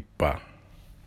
Пиппа.